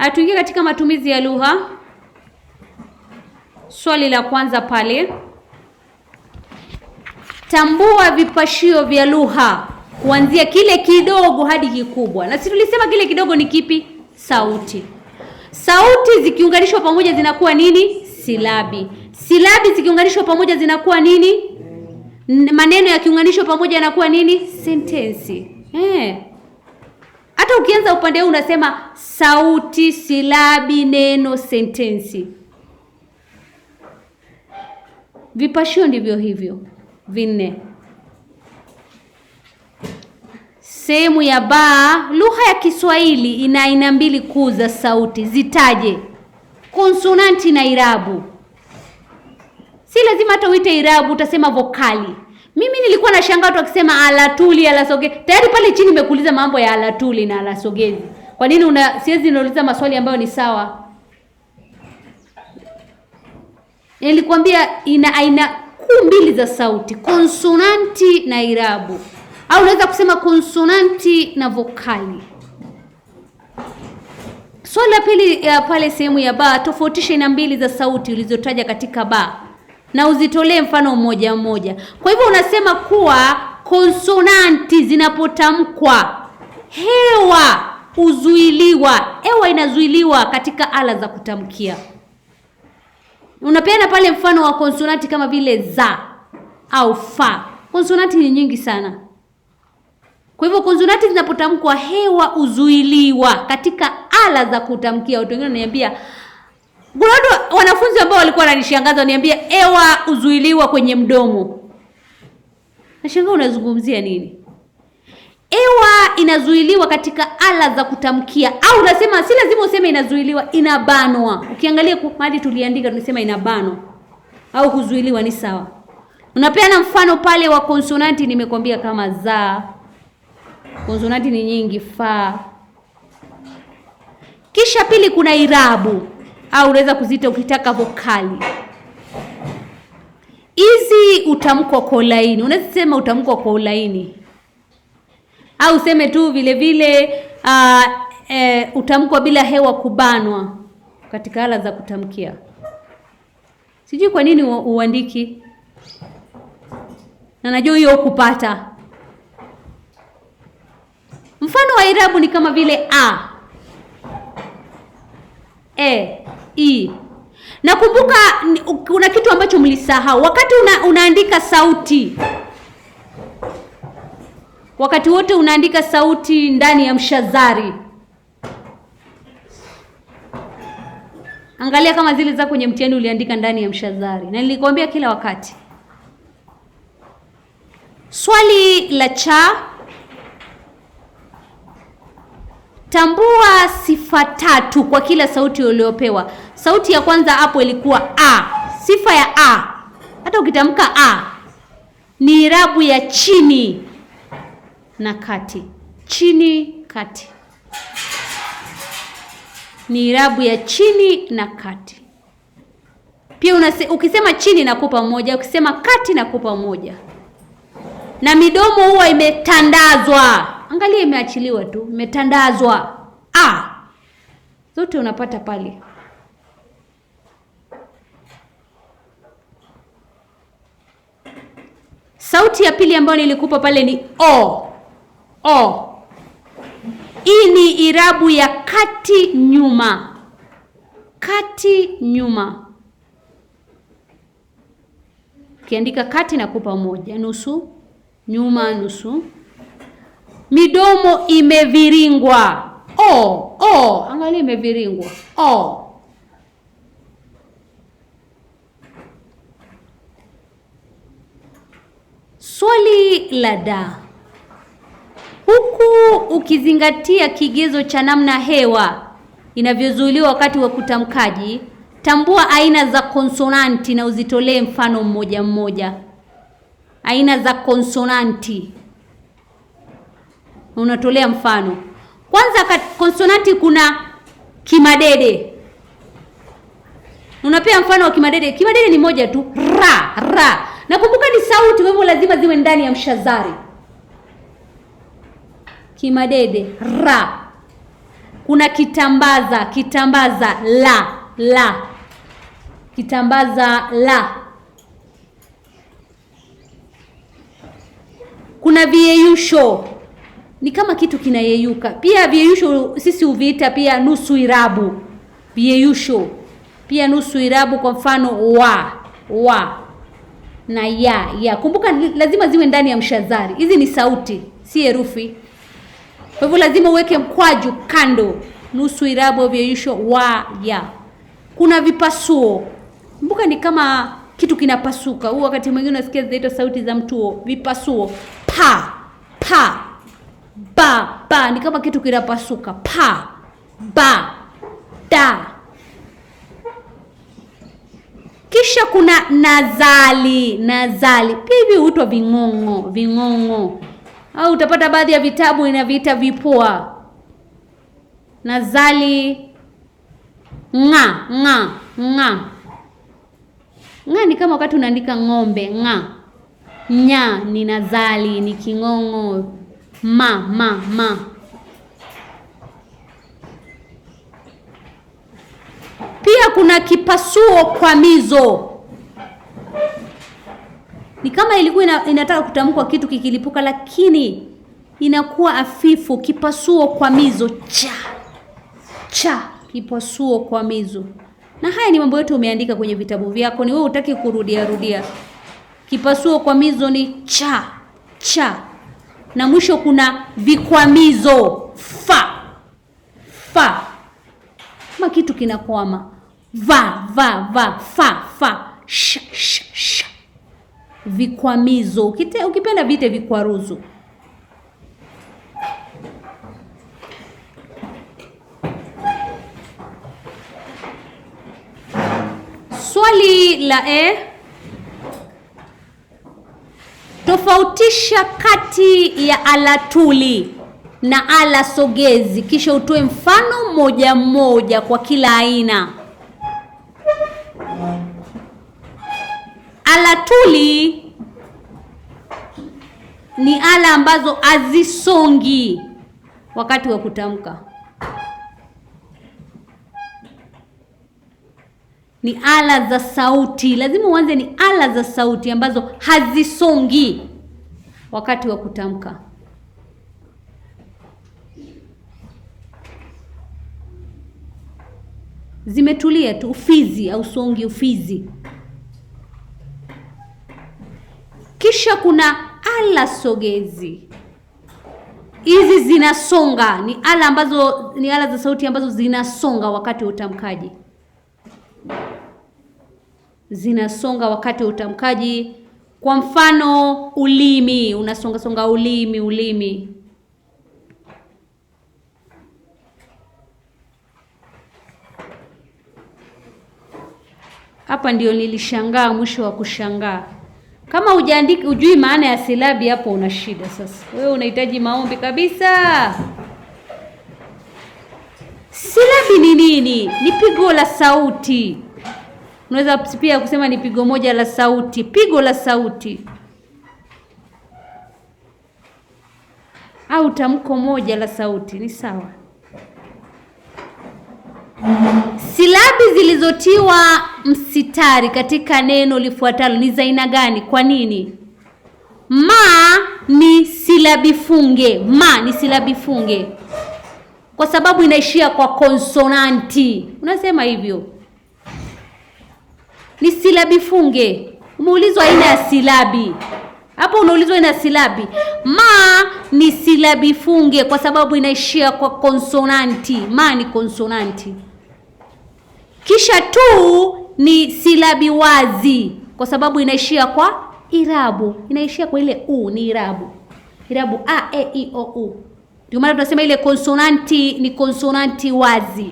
Ah, tuingie katika matumizi ya lugha. Swali la kwanza pale, tambua vipashio vya lugha kuanzia kile kidogo hadi kikubwa. Na si tulisema kile kidogo ni kipi? Sauti. Sauti zikiunganishwa pamoja zinakuwa nini? Silabi. Silabi zikiunganishwa pamoja zinakuwa nini? Maneno yakiunganishwa pamoja yanakuwa nini? Sentensi. Eh. Hata ukianza upande huu unasema sauti, silabi, neno, sentensi. Vipashio ndivyo hivyo vinne. Sehemu ya baa. Lugha ya Kiswahili ina aina mbili kuu za sauti, zitaje: konsonanti na irabu. Si lazima hata uite irabu, utasema vokali. Mimi nilikuwa shangaa tu akisema alatuli alasogezi. Tayari pale chini nimekuuliza mambo ya alatuli na alasogezi. Kwa nini una siwezi niuliza maswali ambayo ni sawa? Nilikwambia ina aina kuu mbili za sauti, konsonanti na irabu, au unaweza kusema konsonanti na vokali. Swali la pili pale sehemu ya ba, tofautisha aina mbili za sauti ulizotaja katika ba na uzitolee mfano mmoja mmoja. Kwa hivyo unasema kuwa konsonanti zinapotamkwa hewa huzuiliwa, hewa inazuiliwa katika ala za kutamkia. Unapeana pale mfano wa konsonanti kama vile za au fa. Konsonanti ni nyingi sana, kwa hivyo konsonanti zinapotamkwa hewa huzuiliwa katika ala za kutamkia. Watu wengine wananiambia kuna watu wanafunzi ambao walikuwa wananishangaza waniambia, ewa uzuiliwa kwenye mdomo. Nashangaa unazungumzia nini? Ewa inazuiliwa katika ala za kutamkia, au unasema si lazima useme inazuiliwa, inabanwa. Ukiangalia mahali tuliandika, tunasema inabanwa au kuzuiliwa ni sawa. Unapeana mfano pale wa konsonanti, nimekwambia kama za konsonanti ni nyingi fa. Kisha pili, kuna irabu au unaweza kuzita ukitaka vokali hizi, utamkwa kwa ulaini. Unaweza sema utamkwa kwa ulaini au useme tu vile vile uh, e, utamkwa bila hewa kubanwa katika ala za kutamkia. Sijui kwa nini uandiki, na najua hiyo kupata mfano wa irabu ni kama vile a e i. E. Nakumbuka kuna kitu ambacho mlisahau wakati una, unaandika sauti wakati wote unaandika sauti ndani ya mshazari. Angalia kama zile za kwenye mtihani uliandika ndani ya mshazari, na nilikwambia kila wakati. Swali la cha, tambua sifa tatu kwa kila sauti uliopewa. Sauti ya kwanza hapo ilikuwa a. Sifa ya a, hata ukitamka a ni irabu ya chini na kati, chini kati, ni irabu ya chini na kati. Pia unase, ukisema chini nakupa moja, ukisema kati nakupa moja. Na midomo huwa imetandazwa, angalia, imeachiliwa tu, imetandazwa a zote unapata pale. Sauti ya pili ambayo nilikupa pale ni o. O. Hii ni irabu ya kati nyuma, kati nyuma. Ukiandika kati nakupa moja, nusu nyuma, nusu. Midomo imeviringwa o, o. Angalia imeviringwa o Swali la da, huku ukizingatia kigezo cha namna hewa inavyozuiliwa wakati wa kutamkaji, tambua aina za konsonanti na uzitolee mfano mmoja mmoja. Aina za konsonanti unatolea mfano. Kwanza konsonanti, kuna kimadede. Unapea mfano wa kimadede. Kimadede ni moja tu, ra ra na ni sauti, kwa hivyo lazima ziwe ndani ya mshazari. Kimadede ra, kuna kitambaza, kitambaza la, la, kitambaza la. Kuna vieyusho ni kama kitu kinayeyuka. Pia vieyusho sisi huviita pia nusu irabu, vieyusho pia nusu irabu. Kwa mfano wa, wa na ya ya. Kumbuka lazima ziwe ndani ya mshazari. Hizi ni sauti, si herufi. Kwa hivyo lazima uweke mkwaju kando, nusu irabu vyeyusho wa ya. Kuna vipasuo, kumbuka ni kama kitu kinapasuka. Huu wakati mwingine unasikia zinaitwa sauti za mtuo, vipasuo pa pa ba ba, ni kama kitu kinapasuka pa ba da kisha kuna nazali. Nazali pia hivi huitwa ving'ong'o, ving'ong'o au utapata baadhi ya vitabu inaviita vipua. Nazali ng'a, ng'a, ng'a. Ng'a ni kama wakati unaandika ng'ombe, ng'a. Nya ni nazali, ni king'ong'o. Ma, ma, ma. Pia kuna kipasuo kwa mizo ni kama ilikuwa ina, inataka kutamkwa kitu kikilipuka, lakini inakuwa afifu. Kipasuo mizo, cha cha kipasuo kwa mizo Na haya ni mambo yote umeandika kwenye vitabu vyako, ni wewe utaki kurudia rudia. Kipasuo mizo ni cha cha, na mwisho kuna vikwamizo fa fa kama kitu kinakwama, va va va fa fa sha sha sha. Vikwamizo ukipenda vite vikwaruzo. Swali la e, tofautisha kati ya alatuli na ala sogezi, kisha utoe mfano mmoja mmoja kwa kila aina. Ala tuli ni ala ambazo hazisongi wakati wa kutamka, ni ala za sauti. Lazima uanze, ni ala za sauti ambazo hazisongi wakati wa kutamka. zimetulia tu, ufizi au songi ufizi. Kisha kuna ala sogezi. Hizi zinasonga, ni ala ambazo ni ala za sauti ambazo zinasonga wakati wa utamkaji, zinasonga wakati wa utamkaji. Kwa mfano, ulimi unasonga songa, ulimi ulimi Hapa ndio nilishangaa mwisho wa kushangaa. Kama hujaandiki hujui maana ya silabi, hapo una shida. Sasa wewe unahitaji maombi kabisa. Silabi ni nini? Ni pigo la sauti. Unaweza pia kusema ni pigo moja la sauti, pigo la sauti au tamko moja la sauti, ni sawa. Silabi zilizotiwa msitari katika neno lifuatalo ni za aina gani? Kwa nini? Ma ni silabi funge. Ma ni silabi funge kwa sababu inaishia kwa konsonanti. Unasema hivyo, ni silabi funge. Umeulizwa aina ya silabi hapo, unaulizwa aina ya silabi. Ma ni silabi funge kwa sababu inaishia kwa konsonanti. Ma ni konsonanti. Kisha tu ni silabi wazi, kwa sababu inaishia kwa irabu, inaishia kwa ile u, ni irabu, irabu a e i o u. Ndio maana tunasema ile konsonanti ni konsonanti wazi.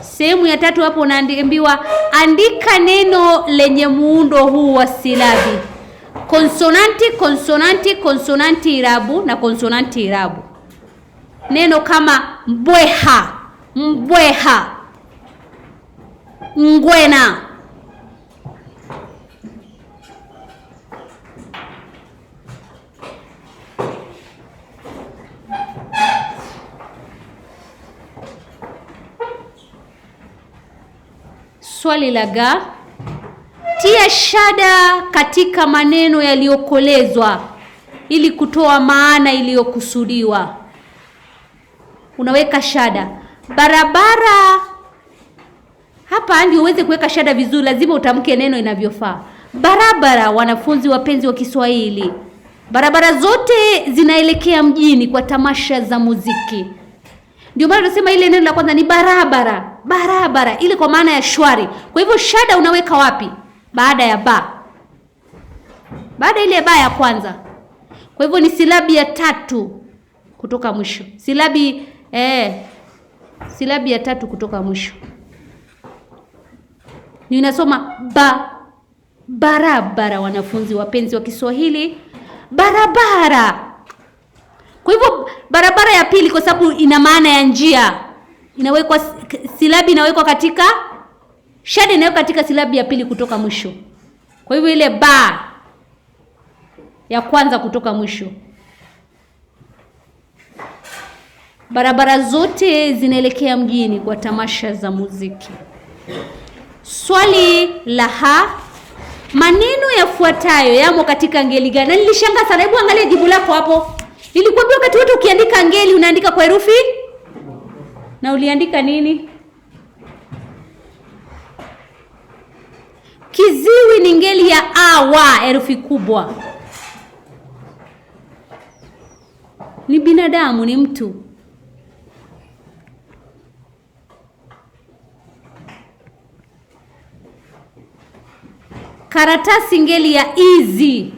Sehemu ya tatu hapo unaambiwa andika neno lenye muundo huu wa silabi: konsonanti, konsonanti, konsonanti irabu na konsonanti irabu neno kama mbweha, mbweha, ngwena, swali la ga tia shada katika maneno yaliyokolezwa ili kutoa maana iliyokusudiwa unaweka shada barabara. Hapa ndio uweze kuweka shada vizuri, lazima utamke neno inavyofaa barabara. Wanafunzi wapenzi wa Kiswahili, barabara zote zinaelekea mjini kwa tamasha za muziki. Ndio maana tunasema ile neno la kwanza ni barabara, barabara ile kwa maana ya shwari. Kwa hivyo shada unaweka wapi? Baada ya ba, baada ile ba ya kwanza. Kwa hivyo ni silabi ya tatu kutoka mwisho, silabi eh, silabi ya tatu kutoka mwisho ninasoma ba barabara. Wanafunzi wapenzi wa Kiswahili, barabara. Kwa hivyo barabara ya pili, kwa sababu ina maana ya njia, inawekwa silabi, inawekwa katika shada, inawekwa katika silabi ya pili kutoka mwisho. Kwa hivyo ile ba ya kwanza kutoka mwisho Barabara zote zinaelekea mjini kwa tamasha za muziki. Swali la ha, maneno yafuatayo yamo katika ngeli gani? Na nilishangaa sana. Hebu angalia jibu lako hapo. Nilikwambia wakati wote ukiandika ngeli unaandika kwa herufi na uliandika nini? Kiziwi ni ngeli ya awa, herufi kubwa. Ni binadamu, ni mtu. Karatasi ngeli ya izi,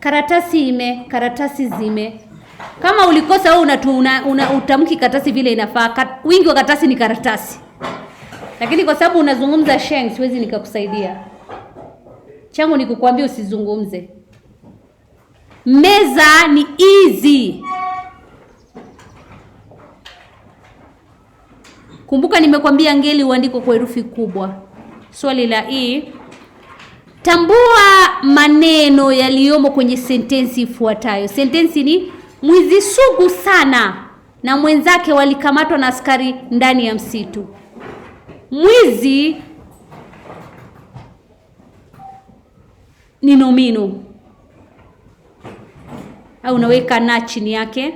karatasi ime, karatasi zime. Kama ulikosa wewe una, una, una utamki karatasi vile inafaa. Kat, wingi wa karatasi ni karatasi, lakini kwa sababu unazungumza sheng, siwezi nikakusaidia. Changu ni kukwambia usizungumze. Meza ni izi. Kumbuka nimekwambia ngeli uandiko kwa herufi kubwa. Swali la e. Tambua maneno yaliyomo kwenye sentensi ifuatayo. Sentensi ni mwizi sugu sana na mwenzake walikamatwa na askari ndani ya msitu. Mwizi ni nomino au unaweka na chini yake.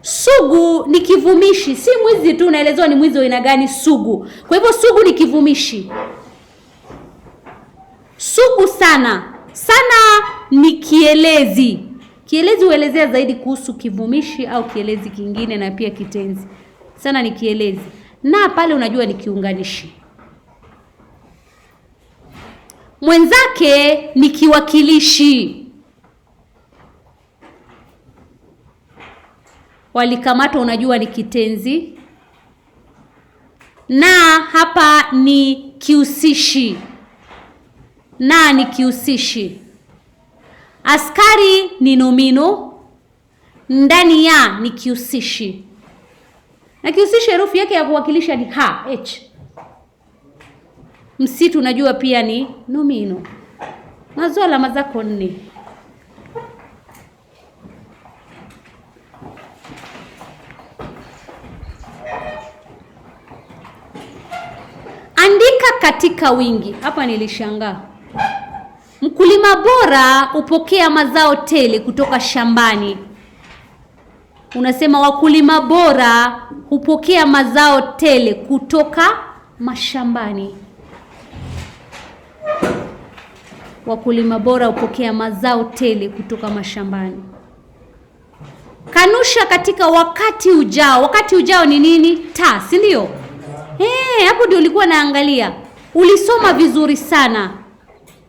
Sugu ni kivumishi, si mwizi tu unaelezewa ni mwizi wa aina gani, sugu. Kwa hivyo sugu ni kivumishi. Sugu sana sana ni kielezi. Kielezi huelezea zaidi kuhusu kivumishi au kielezi kingine na pia kitenzi. Sana ni kielezi, na pale unajua ni kiunganishi. Mwenzake ni kiwakilishi. Walikamatwa, unajua ni kitenzi, na hapa ni kihusishi na ni kihusishi. Askari ni nomino, ndani ya ni kihusishi, na kihusishi herufi yake ya kuwakilisha ni ha, h. Msitu unajua pia ni nomino. Nazo alama zako nne. Andika katika wingi. Hapa nilishangaa. Mkulima bora hupokea mazao tele kutoka shambani. Unasema wakulima bora hupokea mazao tele kutoka mashambani. Wakulima bora hupokea mazao tele kutoka mashambani. Kanusha katika wakati ujao. Wakati ujao ni nini? Ta, si ndio? Eh, hapo ndio ulikuwa naangalia. Ulisoma vizuri sana.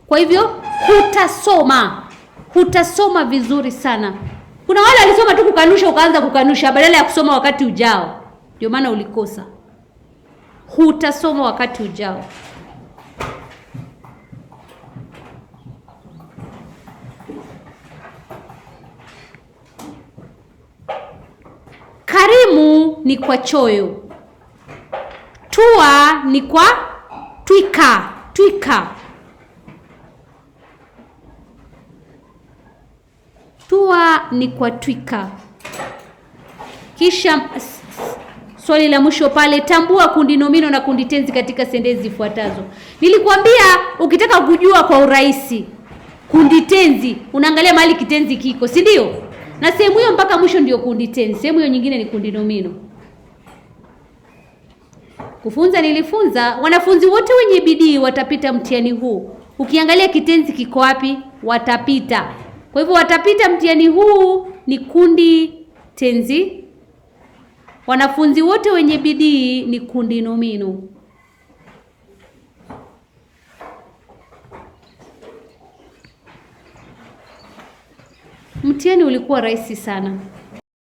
Kwa hivyo hutasoma, hutasoma vizuri sana. Kuna wale walisoma tu kukanusha, ukaanza kukanusha badala ya kusoma wakati ujao, ndio maana ulikosa. Hutasoma wakati ujao. Karimu ni kwa choyo, tua ni kwa twika, twika Thua ni kwa twika. Kisha swali la mwisho pale, tambua kundi nomino na kundi tenzi katika sentensi zifuatazo. Nilikwambia ukitaka kujua kwa urahisi kundi tenzi, unaangalia mahali kitenzi kiko, si ndio? Na sehemu hiyo mpaka mwisho ndio kundi tenzi, sehemu hiyo nyingine ni kundi nomino. Kufunza nilifunza. Wanafunzi wote wenye bidii watapita mtihani huu. Ukiangalia kitenzi kiko wapi, watapita. Kwa hivyo watapita mtihani huu ni kundi tenzi. Wanafunzi wote wenye bidii ni kundi nomino. Mtihani ulikuwa rahisi sana.